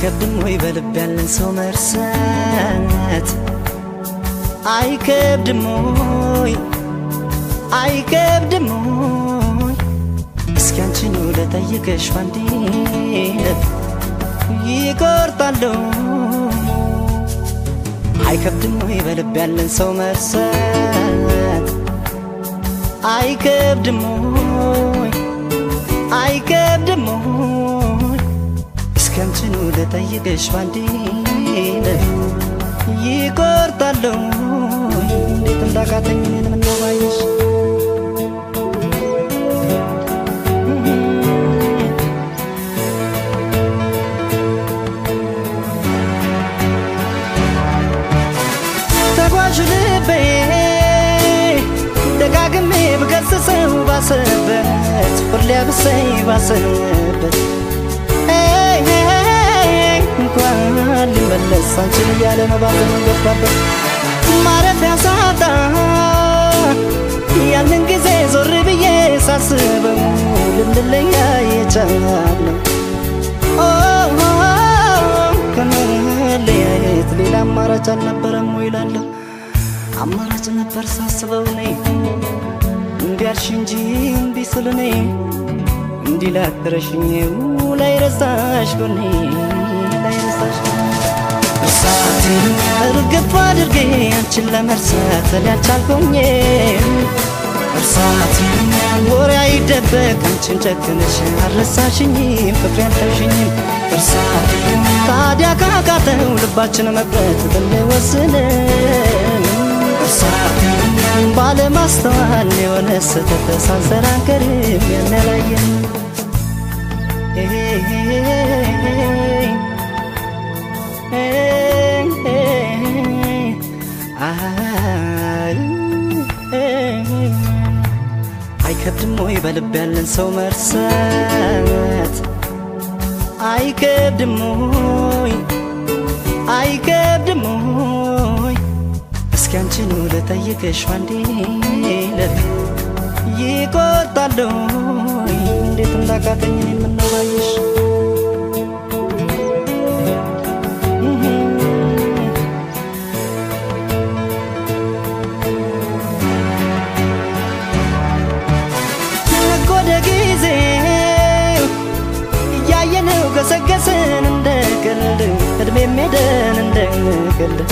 አይከብድም ወይ በልብ ያለን ሰው መርሳት አይከብድም ወይ አይከብድም ወይ እስኪ አንቺን ወደ ጠየቀሽ ባንዴ ይቆርጣለሁ አይከብድም ወይ በልብ ያለን ሰው መርሳት አይከብድም ወይ አይከብድም ወይ ከምትኑ ለጠይቅሽ ባንዴ ይቆርጣለሁ እንዴት እንዳቃተኝ እኔን ምነው ባየሽ ተጓዥ ልቤ ደጋግሜ ብገስጸው ባሰበት ፍር ሊያብሰይ ባሰበት ስጓበር ማረፊያ ሳጣ ያንን ጊዜ ዞር ብዬ ሳስበው ልንለያ የቻለው ከመለያየት ሌላ አማራጭ አልነበረም ወይ እላለሁ። አማራጭ ነበር ሳስበው እኔ እንዲያልሽ እንጂ እምቢ ስል እኔ እንዲላክረሽኝ ላይረሳሽ ጎኔ ላይረሳሽ እሳቴን ገባ አድርጌ አንቺን ለመርሳት ያልቻልኩኝ እርሳት ወሬ አይደበቅ አንቺን ጨክንሽ አልረሳሽኝም ፍቅሬ አልተውሽኝም እርሳት ታዲያ ካቃተው ልባችን እርሳት ባለማስተዋል የሆነ ስህተት አይከብድም ወይ በልብ ያለን ሰው መርሳት? አይከብድም ወይ አይከብድም ወይ እስኪ አንቺኑ ልጠይቅሽ አንዴ ለት ይቆጣል ወይ እንዴት እንዳቃተኝ የለም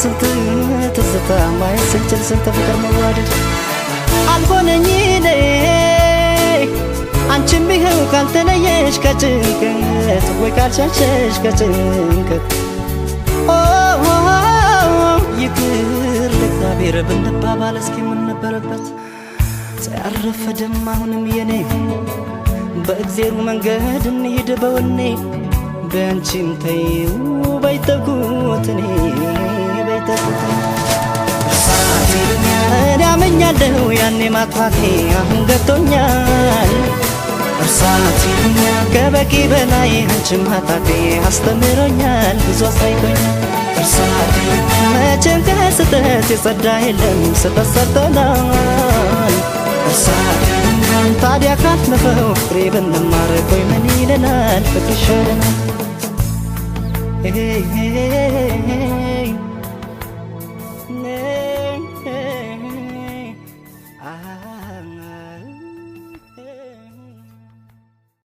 ስንት ትዝታ ማየት ስንችል ስንት ፍቅር መዋደድ አልሆነኝ አንቺም ይኸው ካልተለየሽ ከጭንቀት ወይ ካልሻሸሽ ከጭንቀት ይቅር ለእግዚአብሔር ብንባባል እስኪ ምን ነበረበት ያረፈደም አሁንም የኔ በእግዜሩ መንገድ እንሂድ በወኔ በአንቺም ተይው በይተኩት እኔ በይተኩት እሳት ይሉኛል እዳመኛለሁ ያኔ ማጥፋቴ አሁን ገብቶኛል እርሳት ይሉኛል ከበቂ በላይ ማጣቴ አስተምሮኛል ብዙ አሳይቶኛል እርሳት ይሉኛል መቼም ከስህተት የጸዳ የለም ስህተት ሰርተናል እርሳት ይሉኛል ታዲያ ካለፈው ምን ይለናል ፍቅርሽ ይለናል Hey,